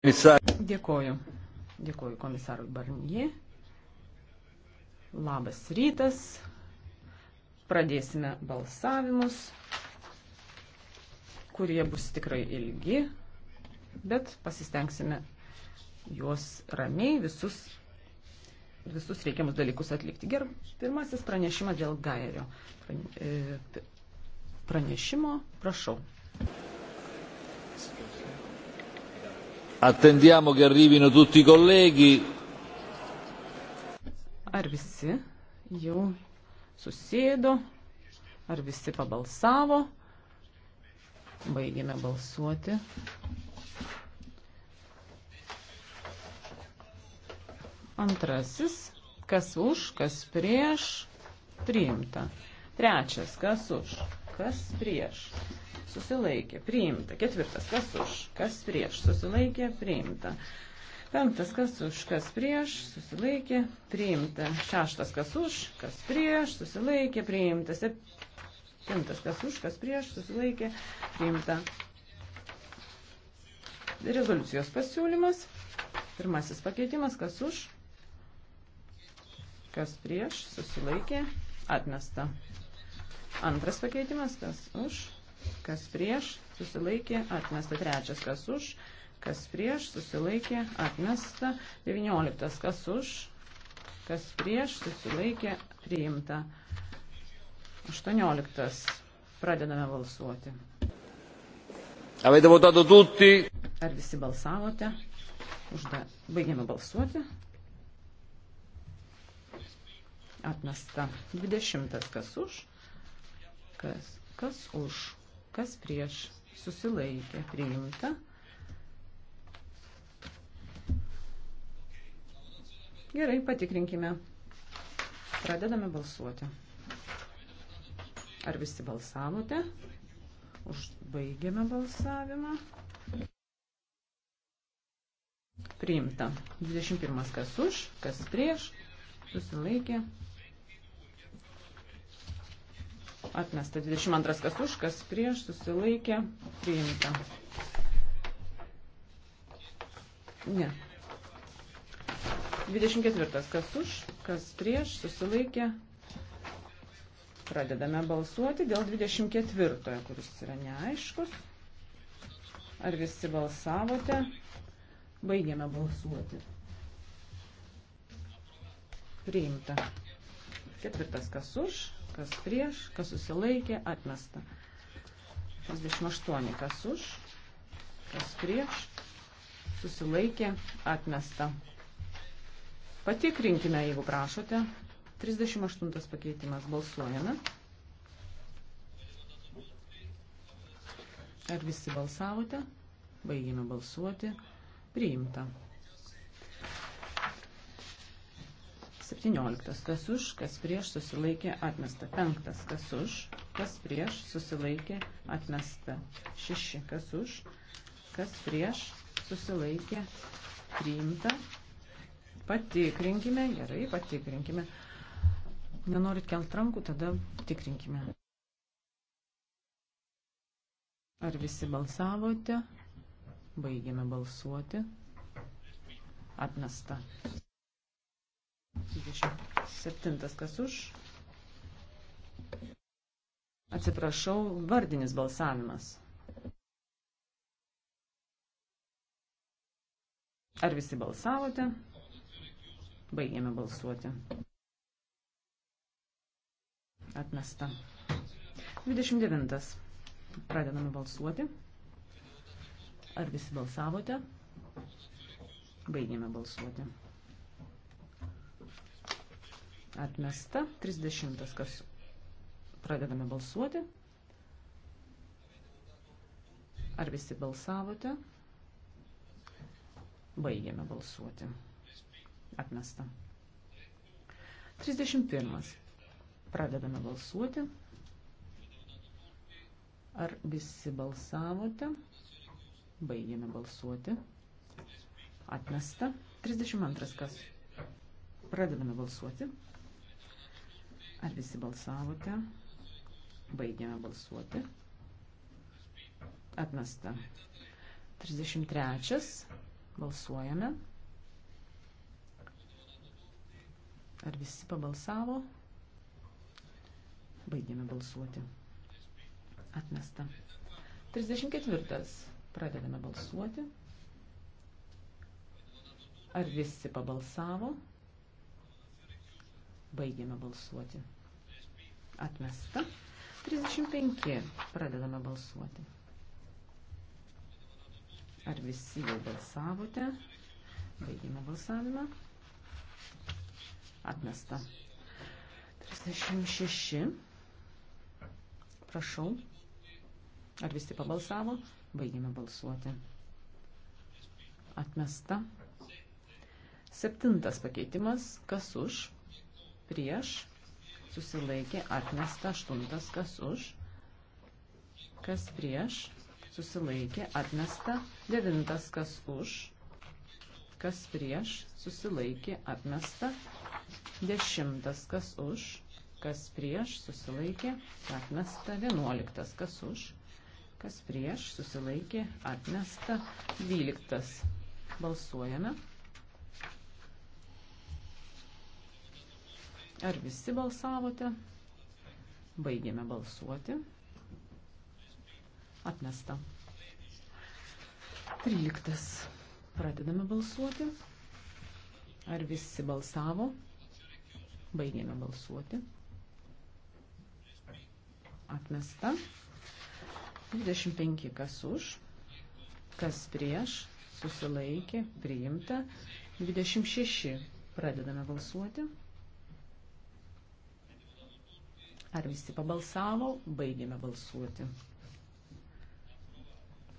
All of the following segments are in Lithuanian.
Dėkoju. Dėkoju komisarui Barnie. Labas rytas. Pradėsime balsavimus, kurie bus tikrai ilgi, bet pasistengsime juos ramiai visus, visus reikiamus dalykus atlikti. Gerb, pirmasis pranešimas dėl Gairio e, pranešimo. Prašau. Attendiamo che arrivino tutti i colleghi. Ar visi jau susėdo, ar visi pabalsavo? Baigėme balsuoti. Antrasis, kas už, kas prieš, priimta. Trečias, kas už kas prieš, susilaikė, priimta. Ketvirtas, kas už, kas prieš, susilaikė, priimta. Penktas, kas už, kas prieš, susilaikė, priimta. Šeštas, kas už, kas prieš, susilaikė, priimta. Septintas, kas už, kas prieš, susilaikė, priimta. Rezoliucijos pasiūlymas. Pirmasis pakeitimas, kas už, kas prieš, susilaikė, atmesta. Antras pakeitimas, kas už, kas prieš, susilaikė, atmesta. Trečias, kas už, kas prieš, susilaikė, atmesta. Devynioliktas, kas už, kas prieš, susilaikė, priimta. Aštuonioliktas, pradedame balsuoti. Avete votato tutti? Ar visi balsavote? Užda... Baigėme balsuoti. Atmesta 20 kas už, taškas. Kas už, kas prieš, susilaikė, priimta. Gerai, patikrinkime. Pradedame balsuoti. Ar visi balsavote? Užbaigiame balsavimą. Priimta. 21. Kas už, kas prieš, susilaikė, atmesta. 22 kas už, kas prieš, susilaikė, priimta. Ne. 24 kas už, kas prieš, susilaikė. Pradedame balsuoti dėl 24, kuris yra neaiškus. Ar visi balsavote? Baigiame balsuoti. Priimta. Ketvirtas, kas už, kas prieš, kas susilaikė, atmesta. 38, kas už, kas prieš, susilaikė, atmesta. Patikrinkime, jeigu prašote. 38 pakeitimas balsuojame. Ar visi balsavote? Baigėme balsuoti. Priimta. 17. Kas už, kas prieš susilaikė atmesta. 5. Kas už, kas prieš susilaikė atmesta. 6. Kas už, kas prieš susilaikė priimta. Patikrinkime, gerai, patikrinkime. Nenorit kelt rankų, tada tikrinkime. Ar visi balsavote? Baigėme balsuoti. Atmesta. 27 kas už. Atsiprašau, vardinis balsavimas. Ar visi balsavote? Baigėme balsuoti. Atmesta. 29. Pradedame balsuoti. Ar visi balsavote? Baigėme balsuoti. Atmesta. 30. Kas pradedame balsuoti. Ar visi balsavote? Baigėme balsuoti. Atmesta. 31. Pradedame balsuoti. Ar visi balsavote? Baigėme balsuoti. Atmesta. 32. Kas? Pradedame balsuoti. Ar visi balsavote? Baigėme balsuoti. Atmesta. 33. Balsuojame. Ar visi pabalsavo? Baigėme balsuoti. Atmesta. 34. Pradedame balsuoti. Ar visi pabalsavo? Baigiame balsuoti. Atmesta. 35. Pradedame balsuoti. Ar visi jau balsavote? Baigiame balsavimą. Atmesta. 36. Prašau. Ar visi pabalsavo? Baigiame balsuoti. Atmesta. Septintas pakeitimas. Kas už? prieš, susilaikė, atmesta, aštuntas, kas už, kas prieš, susilaikė, atmesta, devintas, kas už, kas prieš, susilaikė, atmesta, dešimtas, kas už, kas prieš, susilaikė, atmesta, vienuoliktas, kas už, kas prieš, susilaikė, atmesta, dvyliktas. Balsuojame. Ar visi balsavote? Baigėme balsuoti. Atmesta. 13. Pradedame balsuoti. Ar visi balsavo? Baigėme balsuoti. Atmesta. 25 kas už, kas prieš, susilaikė, priimta. 26 pradedame balsuoti. Ar visi pabalsavo? Baigėme balsuoti.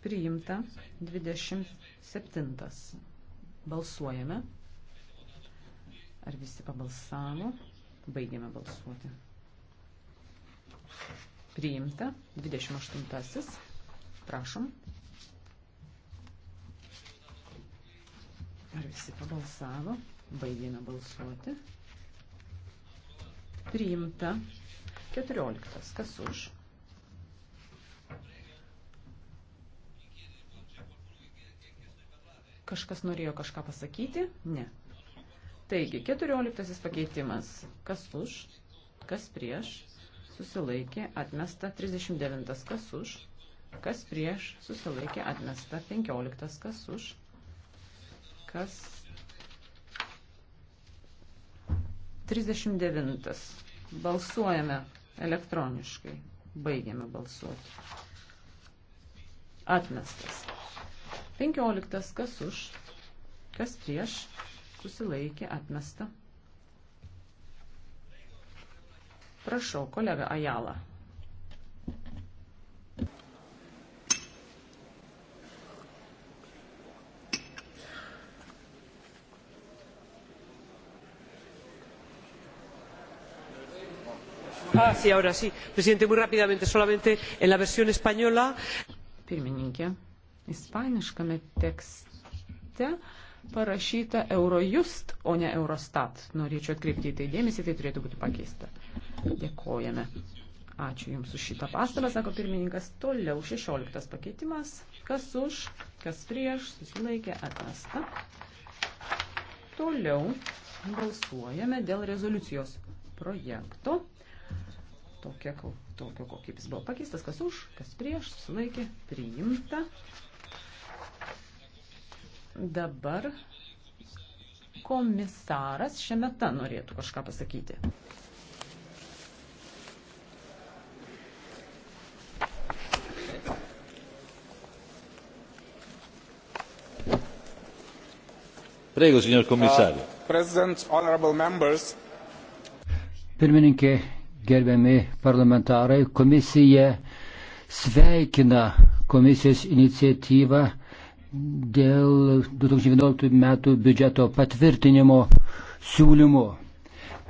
Priimta 27. Balsuojame. Ar visi pabalsavo? Baigėme balsuoti. Priimta 28. Prašom. Ar visi pabalsavo? Baigėme balsuoti. Priimta 14. Kas už? Kažkas norėjo kažką pasakyti? Ne. Taigi, 14 pakeitimas. Kas už? Kas prieš? Susilaikė, atmesta. 39. Kas už? Kas prieš? Susilaikė, atmesta. 15. Kas už? Kas 39. Balsuojame Elektroniškai. Baigiame balsuoti. Atmestas. 15. Kas už? Kas prieš? Susilaikė atmesta. Prašau, kolega Ajala. Presidente, ah, muy rápidamente, solamente en la versión española. Pirmininkė, ispaniškame tekste parašyta Eurojust, o ne Eurostat. Norėčiau atkreipti į tai dėmesį, tai turėtų būti pakeista. Dėkojame. Ačiū Jums už šitą pastabą, sako pirmininkas. Toliau 16 pakeitimas. Kas už, kas prieš, susilaikė, atmesta. Toliau balsuojame dėl rezoliucijos projekto tokia, tokio, kokį jis buvo pakeistas, kas už, kas prieš, susilaikė, priimta. Dabar komisaras šiame ta norėtų kažką pasakyti. Prego, signor uh, commissario. Uh, Pirmininkė, gerbiami parlamentarai, komisija sveikina komisijos iniciatyvą dėl 2011 metų biudžeto patvirtinimo siūlymų.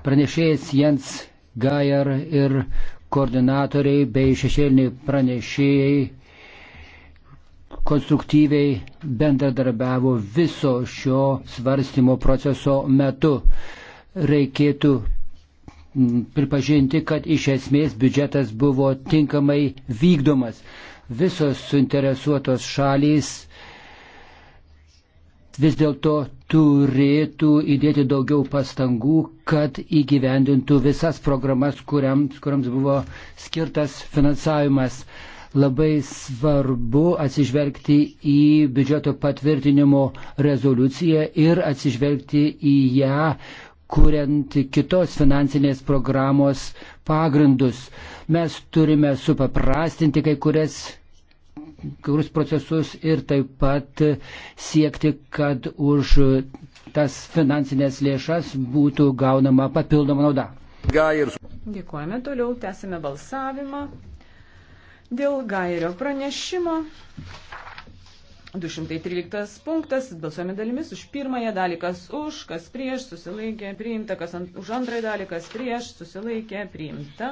Pranešėjas Jens Gajar ir koordinatoriai bei šešėliniai pranešėjai konstruktyviai bendradarbiavo viso šio svarstymo proceso metu. Reikėtų pripažinti, kad iš esmės biudžetas buvo tinkamai vykdomas. Visos suinteresuotos šalys vis dėlto turėtų įdėti daugiau pastangų, kad įgyvendintų visas programas, kuriams, kuriams buvo skirtas finansavimas. Labai svarbu atsižvelgti į biudžeto patvirtinimo rezoliuciją ir atsižvelgti į ją kuriant kitos finansinės programos pagrindus. Mes turime supaprastinti kai kurias kurus procesus ir taip pat siekti, kad už tas finansinės lėšas būtų gaunama papildoma nauda. Dėkojame toliau, tęsime balsavimą dėl Gairio pranešimo. 213 punktas, balsuojame dalimis už pirmąją dalį, kas už, kas prieš, susilaikė, priimta, kas ant, už antrąją dalį, kas prieš, susilaikė, priimta.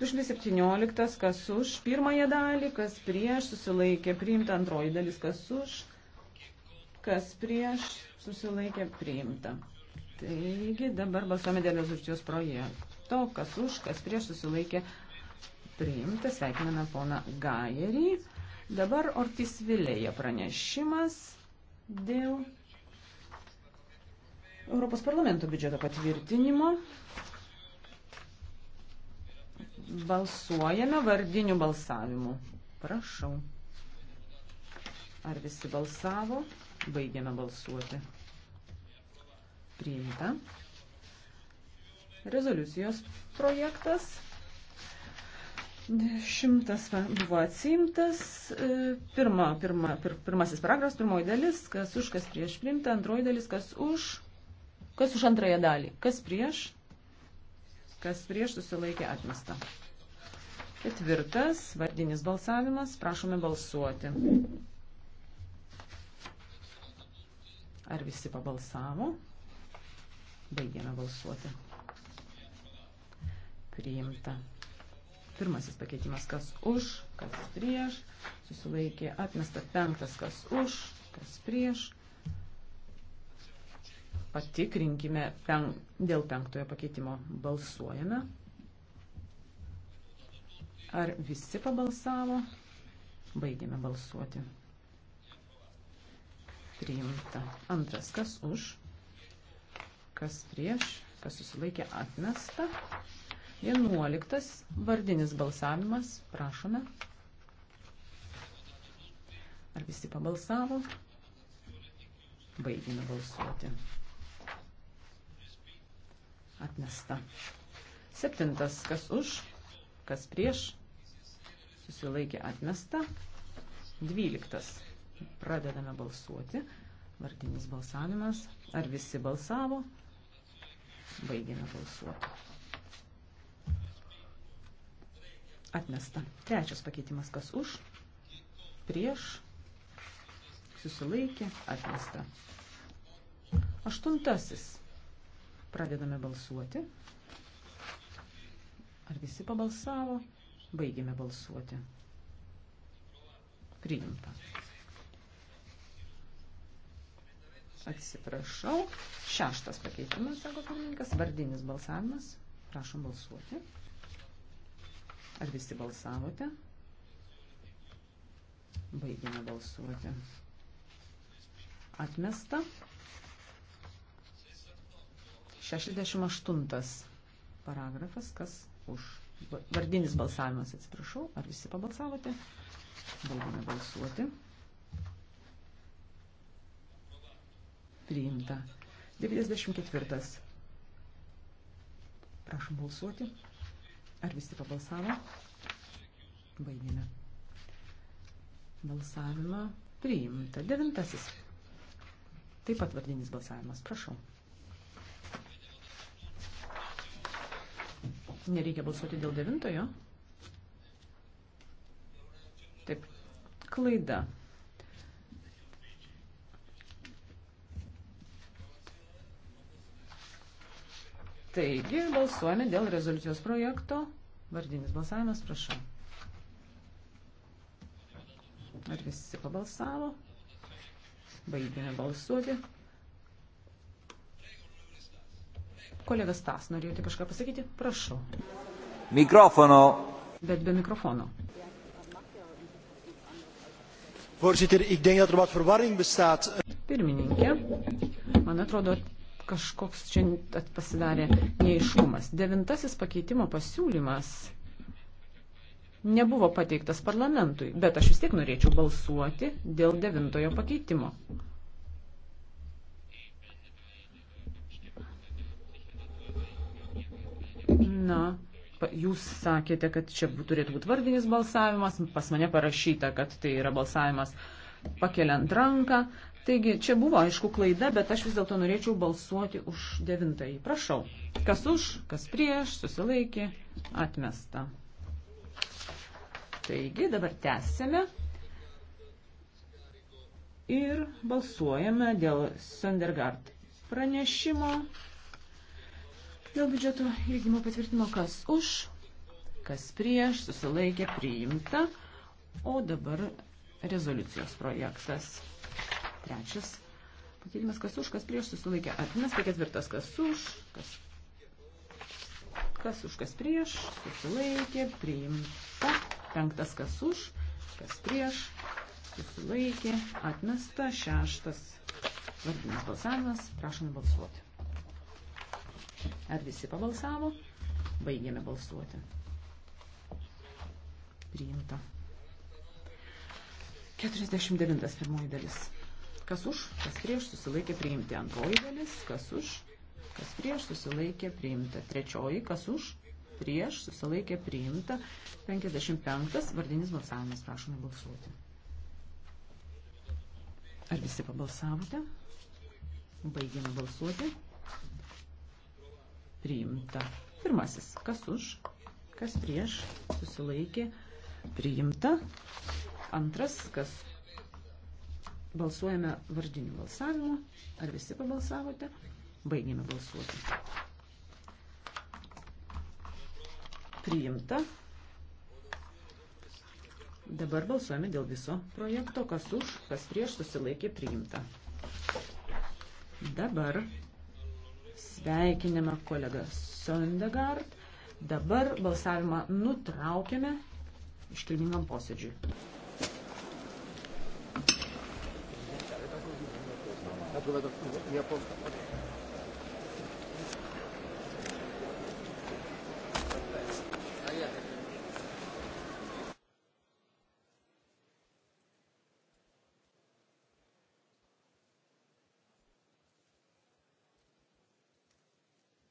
217, kas už pirmąją dalį, kas prieš, susilaikė, priimta, antroji dalis, kas už, kas prieš, susilaikė, priimta. Taigi dabar balsuojame dėl rezoliucijos projekto, kas už, kas prieš, susilaikė, priimta. Sveikiname poną Gajerį. Dabar Ortis Vilėje pranešimas dėl Europos parlamento biudžeto patvirtinimo. Balsuojame vardiniu balsavimu. Prašau. Ar visi balsavo? Baigiame balsuoti. Priimta. Rezoliucijos projektas. Šimtas buvo atsiimtas. E, pirma, pirma, pir, pirmasis paragrafas, pirmoji dalis, kas už, kas prieš priimta, antroji dalis, kas už, kas už antrąją dalį, kas prieš, kas prieš susilaikė atmesta. Ketvirtas, vardinis balsavimas, prašome balsuoti. Ar visi pabalsavo? Baigėme balsuoti. Priimta. Pirmasis pakeitimas, kas už, kas prieš, susilaikė atmesta penktas, kas už, kas prieš. Patikrinkime pen, dėl penktojo pakeitimo. Balsuojame. Ar visi pabalsavo? Baigėme balsuoti. Priimta. Antras, kas už, kas prieš, kas susilaikė atmesta. 11. Vardinis balsavimas. Prašome. Ar visi pabalsavo? Baigime balsuoti. Atmesta. Septintas. Kas už? Kas prieš? Susilaikė atmesta. Dvyliktas. Pradedame balsuoti. Vardinis balsavimas. Ar visi balsavo? Baigėme balsuoti Atmesta. Trečias pakeitimas, kas už, prieš, susilaikė, atmesta. Aštuntasis. Pradedame balsuoti. Ar visi pabalsavo? Baigėme balsuoti. Priimta. Atsiprašau. Šeštas pakeitimas, sako pirmininkas, vardinis balsavimas. Prašom balsuoti. Ar visi balsavote? Baigime balsuoti. Atmesta. 68 paragrafas, kas už. Vardinis balsavimas, atsiprašau. Ar visi pabalsavote? Baigime balsuoti. Priimta. 94. Prašom balsuoti. Ar visi pabalsavo? Baigėme. Balsavimą priimta. Devintasis. Taip pat vardinis balsavimas. Prašau. Nereikia balsuoti dėl devintojo. Taip. Klaida. Taigi, balsuojame dėl rezoliucijos projekto. Vardinis balsavimas, prašau. Ar visi pabalsavo? Baigėme balsuoti. Kolega Stas, norėjote kažką pasakyti? Prašau. Mikrofono. Bet be mikrofono. Voorzitter, ik denk dat er wat verwarring bestaat. Pirmininkė, man atrodo, kažkoks čia pasidarė neiškumas. Devintasis pakeitimo pasiūlymas nebuvo pateiktas parlamentui, bet aš vis tiek norėčiau balsuoti dėl devintojo pakeitimo. Na, jūs sakėte, kad čia turėtų būti vardinis balsavimas, pas mane parašyta, kad tai yra balsavimas pakeliant ranką, Taigi čia buvo aišku klaida, bet aš vis dėlto norėčiau balsuoti už devintąjį. Prašau. Kas už, kas prieš, susilaikė, atmesta. Taigi dabar tęsime ir balsuojame dėl Sondergaard pranešimo. Dėl biudžeto įgymo patvirtino, kas už, kas prieš, susilaikė, priimta. O dabar rezoliucijos projektas. Trečias pakeitimas, kas už, kas prieš susilaikė atmesta. Ketvirtas, kas už, kas, kas už, kas prieš susilaikė priimta. Penktas, kas už, kas prieš susilaikė atmesta. Šeštas, vardinis balsavimas, prašom balsuoti. Ar visi pabalsavo? Baigėme balsuoti. Priimta. 49. Pirmoji dalis. Kas už, kas prieš susilaikė priimti. Antroji dalis, kas už, kas prieš susilaikė priimta. Trečioji, kas už, prieš susilaikė priimta. 55. Vardinis balsavimas. Prašome balsuoti. Ar visi pabalsavote? Baigėme balsuoti. Priimta. Pirmasis. Kas už, kas prieš susilaikė priimta. Antras, kas Balsuojame vardiniu balsavimu. Ar visi pabalsavote? Baigėme balsuoti. Priimta. Dabar balsuojame dėl viso projekto, kas už, kas prieš susilaikė priimta. Dabar sveikiname kolegą Sondegard. Dabar balsavimą nutraukėme iškilmingam posėdžiui. Dziękuję.